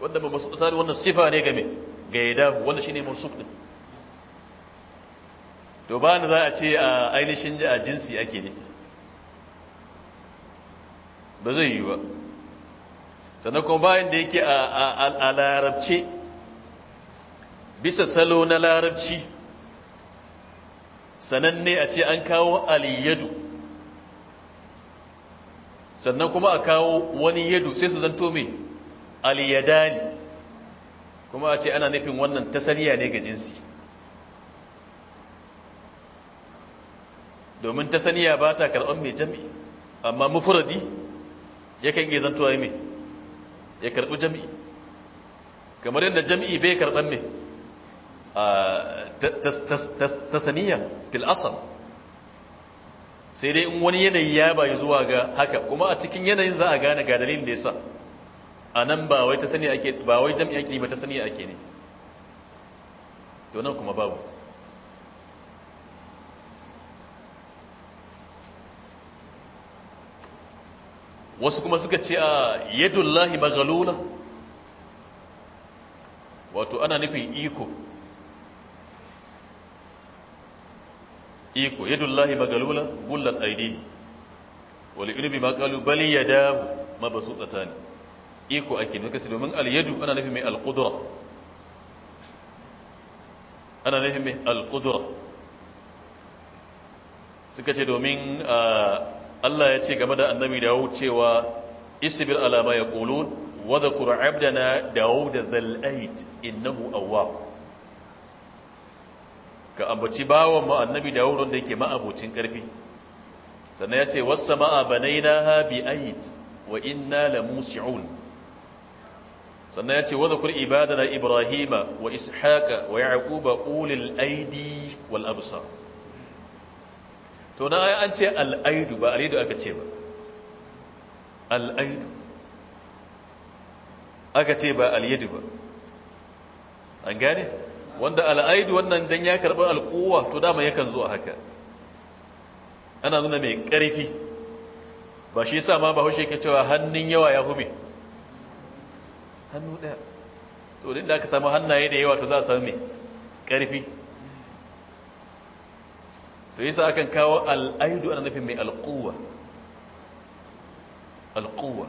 wanda mabasu tsatani wannan sifa ne ga me ga ya dahu wannan ne mansub din to ba ni za a ce a ainihin a jinsi ake ne ba zai yi ba sannan kuma bayan da yake a larabce bisa salo na larabci sananne a ce an kawo aliyadu sannan kuma a kawo wani yadu sai su zanto mai ne kuma a ce ana nufin wannan tasariya ne ga jinsi domin tasariya ba ta karɓar mai jami'i amma mufuradi yakan iya zantowa mai ya karɓi jami'i kamar yadda jami'i bai karɓar mai ta saniyan fil asal sai dai in wani yanayi ya bayi zuwa ga haka kuma a cikin yanayin za a gane ga dalilin da ya sa a nan ba wai ta sani ake ba wai jam'i ake ba ta ake ne donan nan kuma babu wasu kuma suka ce a yadullahi maghalula wato ana nufin iko iko yadullahi magalula gullat aidi wal ilmi ma qalu bal yadahu mabsuutatan iko ake nuka su domin al yadu ana nufi mai al qudra ana nufi mai al qudra suka ce domin Allah ya ce game da annabi Dawud cewa isbir ala ma yaqulun wa dhkur abdana Dawud dhal ait innahu awwab ka ambaci bawan mu annabi dawud da yake ma'abocin karfi sannan ya ce wasu ma'a banainaha bi ayit wa inna la musi'un sannan ya ce wadda kul ibadana ibrahima wa ishaqa wa yaquba ulil aidi wal absar to na ai an ce al ba al aka ce ba al aka ce ba al ba an gane wanda al'aidu wannan dan ya karɓi alƙuwa to dama yakan zo a haka ana nuna mai ƙarfi ba shi sa ma bahaushe ke cewa hannun yawa ya hume hannu ɗaya so da aka samu hannaye da yawa to za a samu mai ƙarfi to yi sa akan kawo al'aidu ana nufin mai alƙuwa alƙuwa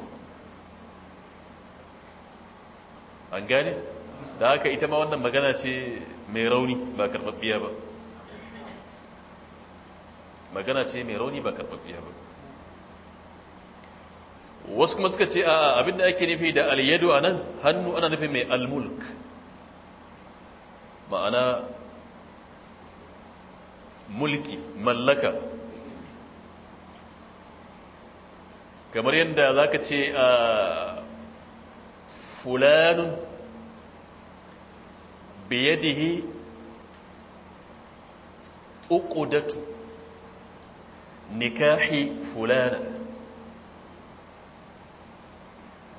an gane? da haka ita ma wannan magana ce mai rauni ba karbabbiya ba magana ce mai rauni ba karbabbiya ba wasu kuma suka ce a abinda ake nufi da aliyadu a nan hannu ana nufi mai almulk ma'ana mulki mallaka kamar yadda za ka ce a fulanun biyadihi uƙudatu nikahi fulana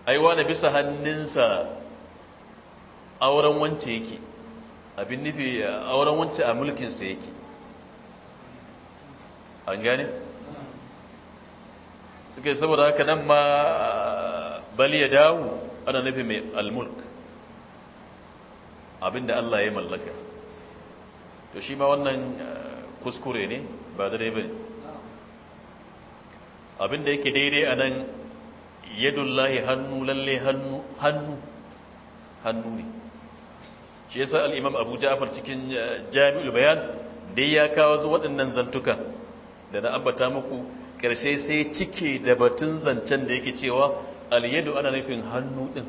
aiwa na bisa hannunsa auren wance yake abin nufi auren wance a mulkinsa yake an gane suka yi saboda haka nan ma bal ya dawo ana nufi mai almulk abinda Allah ya mallaka to shi ma wannan eh, kuskure ne ba da daidai abinda yake daidai a nan yadullahi hannu lalle hannu hannu hannu ne shi yasa al-imam Abu Ja'far cikin eh, Jami'ul Bayan dai ya kawo zuwa waɗannan zantuka da na ambata muku ƙarshe sai cike da batun zancen da yake cewa al-yadu ana nufin hannu din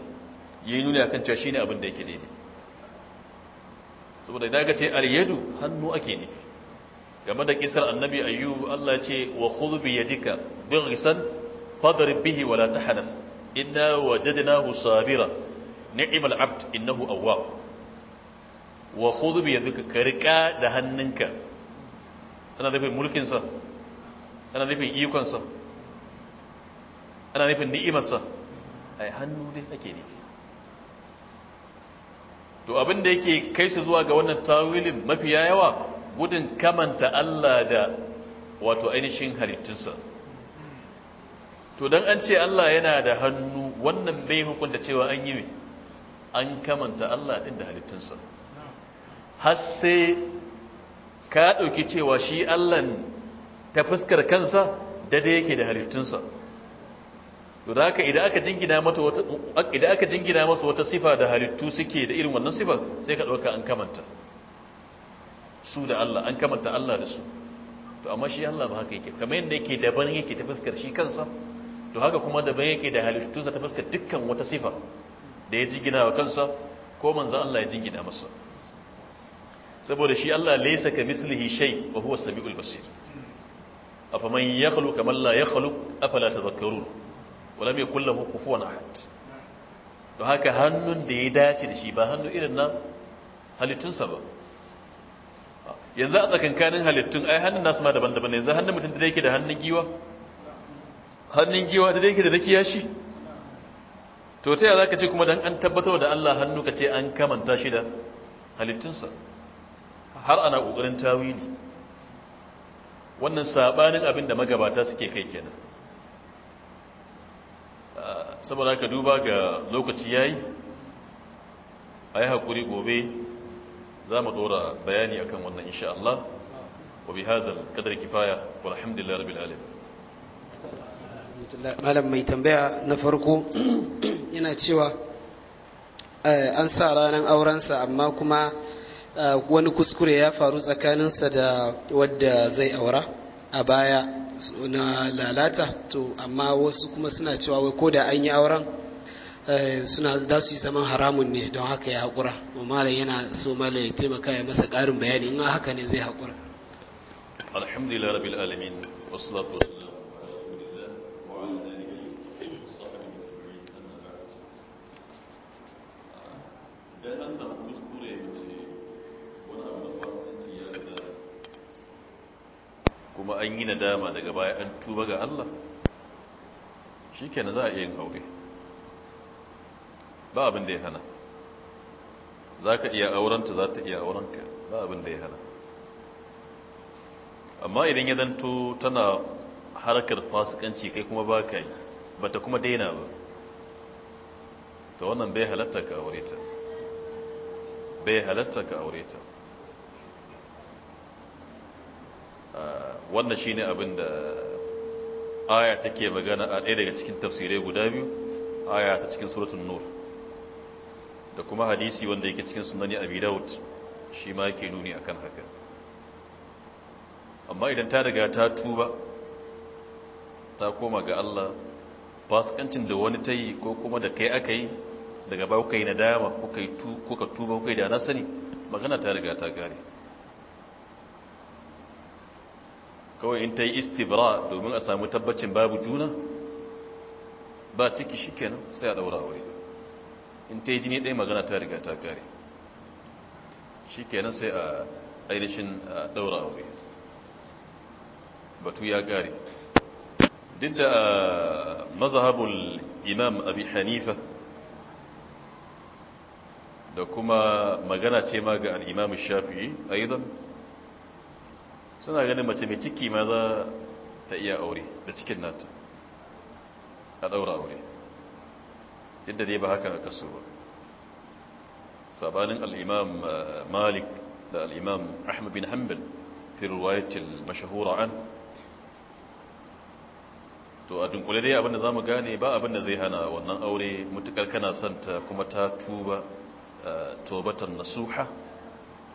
a nuna akan cewa shine abin da yake daidai saboda idan aka ce al hannu ake nufi game da kisar annabi ayyub Allah ce wa khudh bi yadika bighsan fadrib bihi wala tahnas inna wajadnahu sabira ni'mal abd innahu awwab wa khudh bi yadika karika da hannunka ana nufin mulkin sa ana nufin ikon sa ana nufin ni'imar sa ai hannu dai ake nufi to abinda yake kai su zuwa ga wannan tawilin mafi yawa gudun kamanta Allah da wato ainihin halittunsa to dan an ce Allah yana da hannu wannan bai hukunta cewa an yi an kamanta Allah din da halittunsa har sai ka ɗauki cewa shi Allah ta fuskar kansa da yake da halittunsa to da haka idan aka jingina mata wata idan aka jingina masa wata sifa da halittu suke da irin wannan sifar sai ka dauka an kamanta su da Allah an kamanta Allah da su to amma shi Allah ba haka yake kamar yadda yake daban yake ta fuskar shi kansa to haka kuma daban yake da halittu ta fuskar dukkan wata sifa da ya jingina wa kansa ko manzo Allah ya jingina masa saboda shi Allah laysa ka mislihi shay wa huwa as-sami'ul basir afaman yakhluqu kaman la yakhluqu afala tadhakkarun wala mai kulla mu kufuwan ahad to haka hannun da ya dace da shi ba hannu irin na halittunsa ba yanzu a tsakankanin halittun ai hannun nasu ma daban-daban yanzu hannun mutum da yake da hannun giwa hannun giwa da yake da rakiya shi to ta za ka ce kuma don an tabbatar da Allah hannu ka ce an kamanta shi da halittunsa har ana ƙoƙarin tawili wannan saɓanin abin da magabata suke kai kenan saboda ka duba ga lokaci a yi haƙuri gobe za mu dora bayani akan wannan insha Allah wa bi hazan kadar kifaya walhamdulillahi rabbil alif malam mai tambaya na farko yana cewa eh, an sa ranar aurensa amma kuma eh, wani kuskure ya faru tsakaninsa da wadda zai aura a baya na lalata to amma wasu kuma suna cewa wai ko da an yi auren eh, suna za su yi zaman haramun ne don haka ya haƙura malam yana so malam ya taimaka ya masa ƙarin bayani in haka ne zai haƙura alhamdulillah rabbil alamin wasu ah, dan kuma an yi nadama daga baya an tuba ga Allah shi kenan za a iya yin aure ba abin da ya hana za ka iya aurenta za ta iya aurenka ba abin da ya hana amma idan ya zanto tana harkar fasikanci kai kuma ba ka yi ba ta kuma daina ba ta wannan bai halatta ka aure ta bai halatta ka aure ta Uh, wannan shi ne abin da aya take magana a ɗaya daga cikin tafsirai guda biyu aya ta cikin suratun nur da kuma hadisi wanda yake cikin sunani abi daud shi ma yake nuni akan haka amma idan ta riga ta tuba ta koma ga Allah fasikancin da wani ta yi ko kuma da kai aka yi daga ba na dama, nadama ka tuba ko kai da na sani magana ta riga ta gare kawai in ta yi istibra domin a samu tabbacin babu juna ba ciki shi kenan sai a daura aure in ta yi jini ɗaya magana ta riga ta kare shi kenan sai a ainihin daura aure batu ya kare duk da mazhabul imam abi hanifa da kuma magana ce ma ga al'imam shafi'i aidan suna ganin mace mai ciki ma za ta iya aure da cikin nata a daura aure yadda dai ba haka na kaso ba sabanin al'imam eh, malik da al'imam ahmad bin hanbal fi ruwayatil mashahura an to a dunkule dai abinda za mu gane ba abinda zai hana wannan aure mutukar kana santa kuma ta tuba eh, tobatan nasuha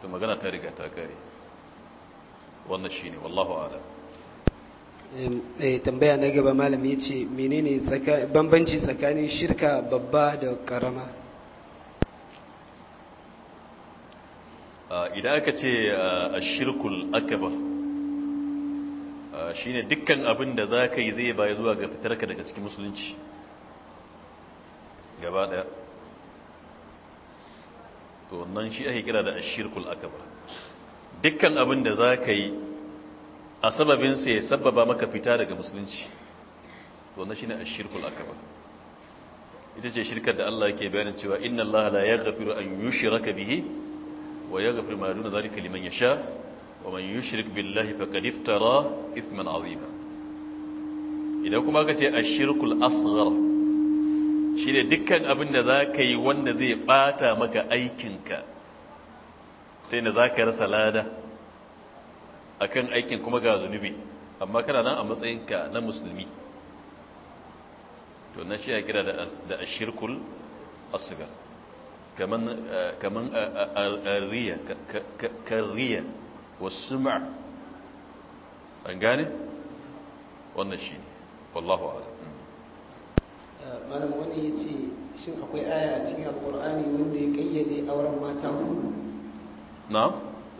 to magana ta riga ta kare wannan shine wallahu ala eh tambaya na gaba malami yace menene bambanci tsakanin shirka babba da karama ah, idan aka ce ashirkul ah, akbar ah, shine dukkan abin da zaka yi zai bai zuwa ga fitarka daga cikin musulunci gaba daya to wannan shi ake kira da ashirkul akbar dukkan abin da za ka yi a sababinsa ya sababa maka fita daga musulunci to na shi ne a shirkul akaba ita ce shirkar da Allah ke bayanin cewa inna Allah la yaghfiru an yushraka bihi wa yaghfiru ma duna zalika liman yasha wa man yushrik billahi faqad iftara ithman azima idan kuma ka ce ashirkul asghar shine dukkan abin da za ka yi wanda zai bata maka aikinka ta yadda za ka rasa lada a kan aikin kuma ga zunubi amma kana nan a matsayinka na musulmi to na shi ya kira da ashirkul asigar kaman riya karriya wasu ma an gane wannan shi ne wallahu ala eh, malam wani ya ce shin akwai aya a cikin alkur'ani wanda ya kayyade auren mata hudu na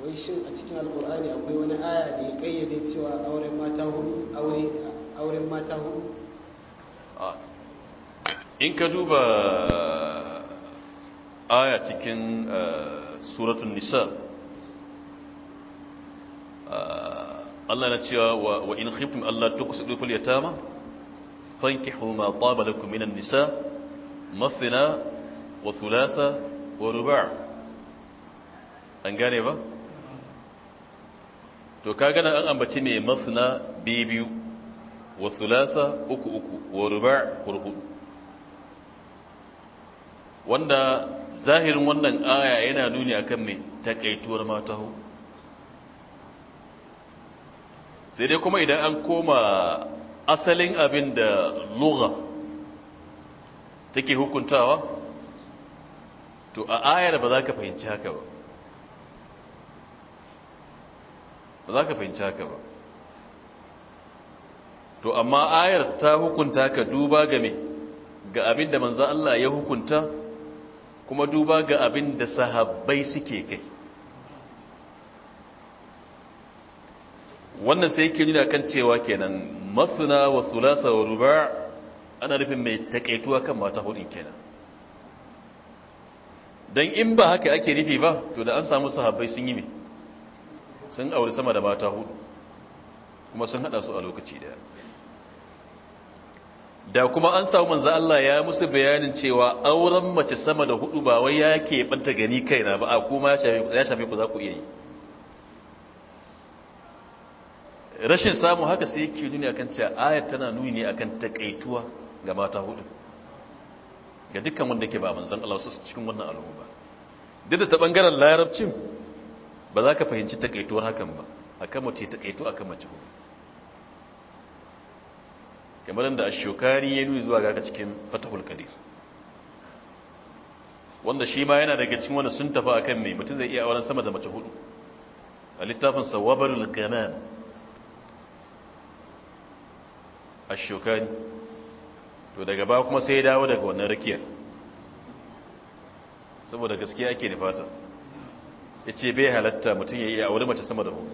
wai shin a cikin alkur'ani akwai wani aya da ya kayyade cewa auren mata hudu auren mata hudu in ka duba aya cikin suratun nisa Allah na cewa wa in khiftum Allah tuqsidu fil yatama fankihu ma taba lakum minan nisa mathna wa thulasa wa ruba' an gane ba to kaga nan an ambaci mai masna biyu wa sulasa uku uku wa ruba' hurhudu wanda zahirin wannan aya yana nuni akan mai takaituwar mata hu sai dai kuma idan an koma asalin abin da lugha take hukuntawa to a ayar ba za ka fahimci haka ba ba za ka fahimci haka ba to amma ayar ta hukunta ka duba ga me ga abin da manzo Allah ya hukunta kuma duba ga abin da sahabbai suke kai wannan sai yake nuna kan cewa kenan masna wa sulasa wa ruba ana rufin mai takaituwa kan mata hudu kenan dan in ba haka ake nufi ba to da an samu sahabbai sun yi me sun auri sama da mata hudu kuma sun hada su a lokaci daya da kuma an samu manzo Allah ya musu bayanin cewa auren mace sama da hudu ba wai ya banta gani kaina ba a kuma ya shafe ku za ku iya yi rashin samu haka sai yake nuni akan cewa ayat tana nuni ne akan takaituwa ga mata hudu ga dukkan wanda ke ba manzo Allah su cikin wannan al'umma duk da ta bangaren larabcin ba za ka fahimci takaituwar hakan ba a kan mace takaitu kan mace hudu kamar da ashokari ya nuna zuwa gaka cikin fatahul kadir wanda shi ma yana daga cikin wanda sun tafi akan mai mutum zai iya auren sama da mace hudu a littafin sawabarul ganan ashokari to daga ba kuma sai ya dawo daga wannan rakiyar saboda gaskiya ake da fata ya ce bai halatta mutum ya yi a wani mace sama da hudu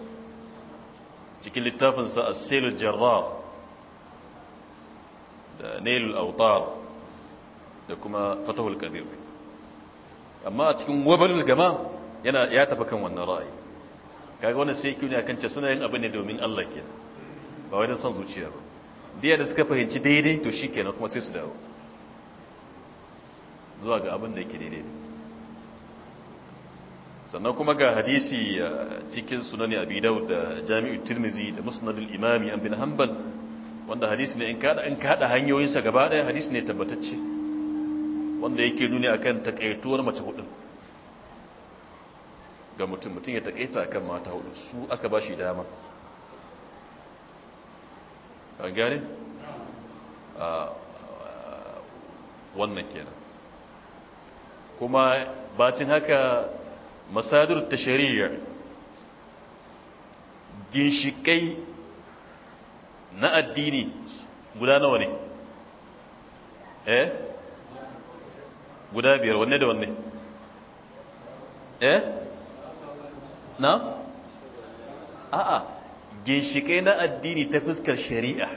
cikin littafinsa a selul jarrar da autar da kuma fatahul kadir amma a cikin wabalul gama yana ya tafi kan wannan ra'ayi kaga wannan sai kyuni akan ce suna yin abu ne domin Allah ke ba wai san san zuciya ba diya da suka fahimci daidai to shikenan kuma sai su dawo zuwa ga abin da yake daidai sannan kuma ga hadisi eh, cikin sunani abi daud da jami'u tirmizi da musnadul imami an bin hanbal wanda hadisi ne in kada in kada hanyoyinsa gaba daya hadisi ne tabbatacce wanda yake nuni akan takaituwar mace hudu ga mutum mutum ya takaita akan mata hudu su aka ba shi dama an gane ah, wannan kenan kuma bacin haka masadir ta shari'a ginshikai na addini guda nawa ne eh guda biyar wanne da wanne eh na a'a ginshikai na addini ta fuskar shari'a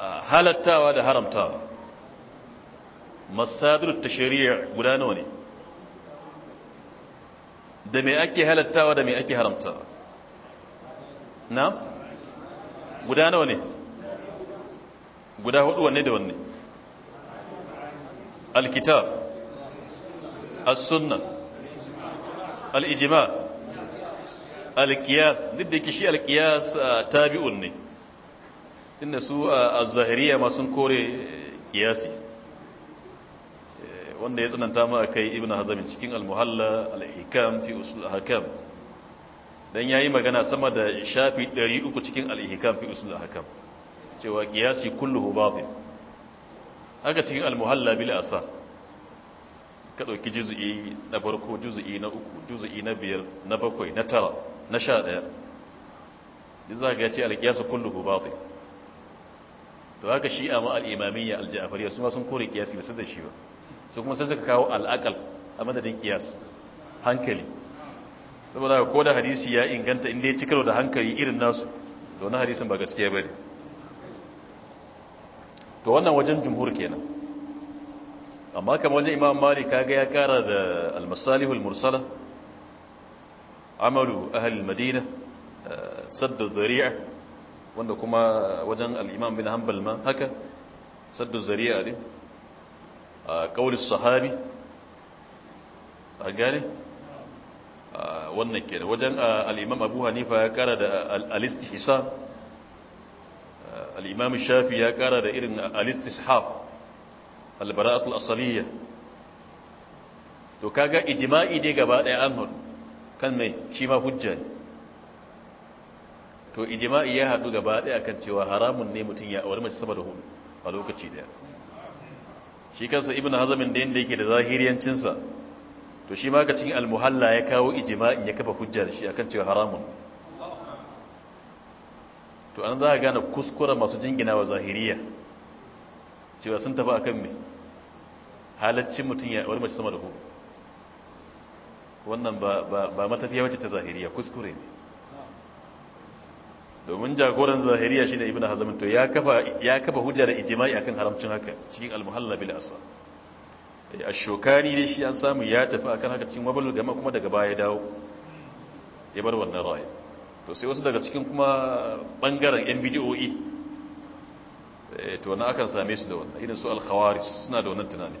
ah, halattawa da haramtawa masadir tashri'i guda nawa ne da me ake halattawa da me ake haramta na guda nawa ne guda hudu wanne da wanne alkitab as-sunnah al-ijma' al-qiyas duk da shi al-qiyas tabi'un ne inda su a zahiriya ma kore kiyasi. Eh, wanda ya tsananta mu akai ibnu hazm cikin al-muhalla al-ihkam fi usul al-ahkam dan yayi magana sama da shafi 300 cikin al-ihkam fi usul al-ahkam cewa qiyasi kulluhu batil haka cikin al-muhalla bil asar ka dauki juz'i na farko juz'i na uku juz'i na biyar na bakwai na tara na 11 duk zaka ce al-qiyasu kulluhu batil to haka shi'a ma al-imamiyya al-ja'fariyya su ma sun kore qiyasi ba sadar shi ba su kuma sai suka kawo al'akal a madadin kiyas hankali saboda ko da hadisi ya inganta inda ya cikaro da hankali irin nasu da wani hadisin ba gaskiya bari to wannan wajen jumhur kenan amma kamar wajen imam mali kaga ya kara da almasalihul mursala amalu ahal madina eh, saddu zari'a wanda kuma wajen al'imam bin hanbal ma haka saddu zari'a din kawul sahabi a gane wannan kenan wajen al'imam abu hanifa ya kara da al'istihisa al'imam shafi ya kara da irin al'istishaf albara'atul asaliya to kaga ijima'i dai gaba daya an hudu kan mai shi ma hujja ne to ijima'i ya haɗu gaba daya kan cewa haramun ne mutum ya auri mace sama da hudu a lokaci daya. shi kansa ibn hazamin da yadda yake da zahiriyancinsa to shi maka cikin almuhalla ya kawo ijima'in ya kafa hujjar shi akan cewa haramun to an za a gane kuskura masu jingina wa zahiriya cewa sun tafi akan me halaccin mutum ya wani mace sama da ku wannan ba matafiya wacce ta zahiriya kuskure ne domin jagoran zahiriya ne ibn hazm to ya kafa ya kafa hujja da ijma'i akan haramcin haka cikin al-muhalla bil asr eh, ash-shukani dai shi an samu ya tafi akan haka cikin wabal gama kuma daga baya dawo ya bar wannan ra'ayi to sai wasu daga cikin kuma bangaren yan bidiyoyi eh, to wannan akan same su da wannan irin su al-khawaris suna da wannan tunani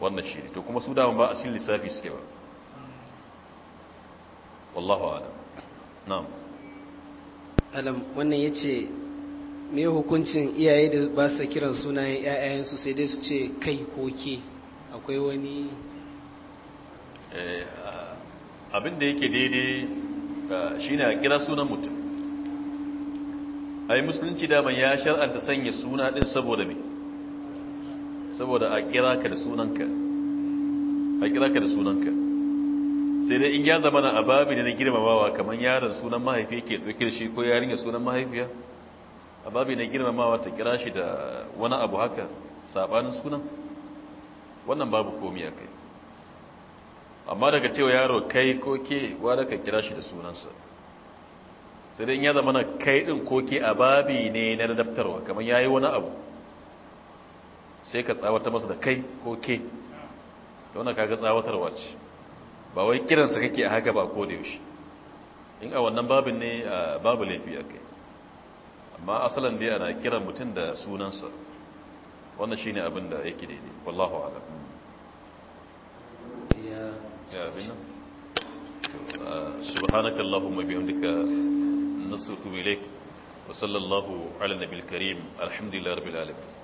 wannan shi to kuma su da ba asil lissafi suke ba wallahu a'lam na'am alam wannan yace me hukuncin iyaye da ba su kiran sunayen su sai dai su ce kai ko ke akwai wani eh, abin da yake daidai shine a kira sunan mutum ai musulunci daman ya shar'anta sanya suna din saboda me saboda a kira ka da sunanka a kira ka da sunanka sai dai in ya zama na ababi ne na girmamawa kamar yaron sunan mahaifi ke ɗauke shi ko yarinya sunan mahaifiya ababi na girmamawa ta kira shi da wani abu haka sabanin sunan wannan babu komi a kai amma daga cewa yaro kai ko ke wada ka kira shi da sunansa sai dai in ya zama na kai ɗin ko ke ababi ne na ladabtarwa kamar ya yi wani abu sai ka tsawata masa da kai ko ke da wani kaga tsawatarwa ce ba wai kiransa kake a haka ba ko da yaushe in a wannan babin ne babu laifi a kai amma asalin dai ana kiran mutum da sunansa wannan shi ne abin da yake daidai wallahu alam ya abin nan subhanakallahumma bihamdika nasu tubilek wa sallallahu ala nabil karim alhamdulillah rabbil alamin